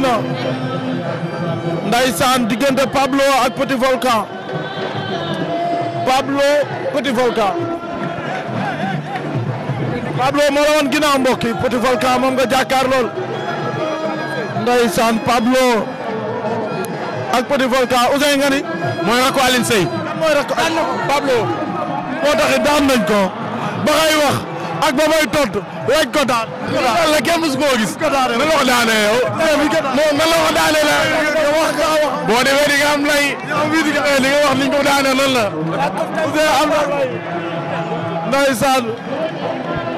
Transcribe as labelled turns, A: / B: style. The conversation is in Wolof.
A: bëre na ndaysaan diggante Pablo ak Petit Volcan Pablo Petit Volcan Pablo moo la woon ginnaaw mbokk yi Volcan moom nga jàkkaar lool ndaysaan Pablo ak Petit Volcan Ousseyn nga ni mooy rakku Aline Seye Pablo moo taxit daan nañ ko ba wax
B: ak ba may tontu lañ ko daan. daan la kenn musu koo gis. ko daanee la ko daanee yow. non la ko daanee la. wax nga wax. boo demee di nga am lay. di nga eh, wax ni ñu
C: ko daanee lan la. am na. ndeysaan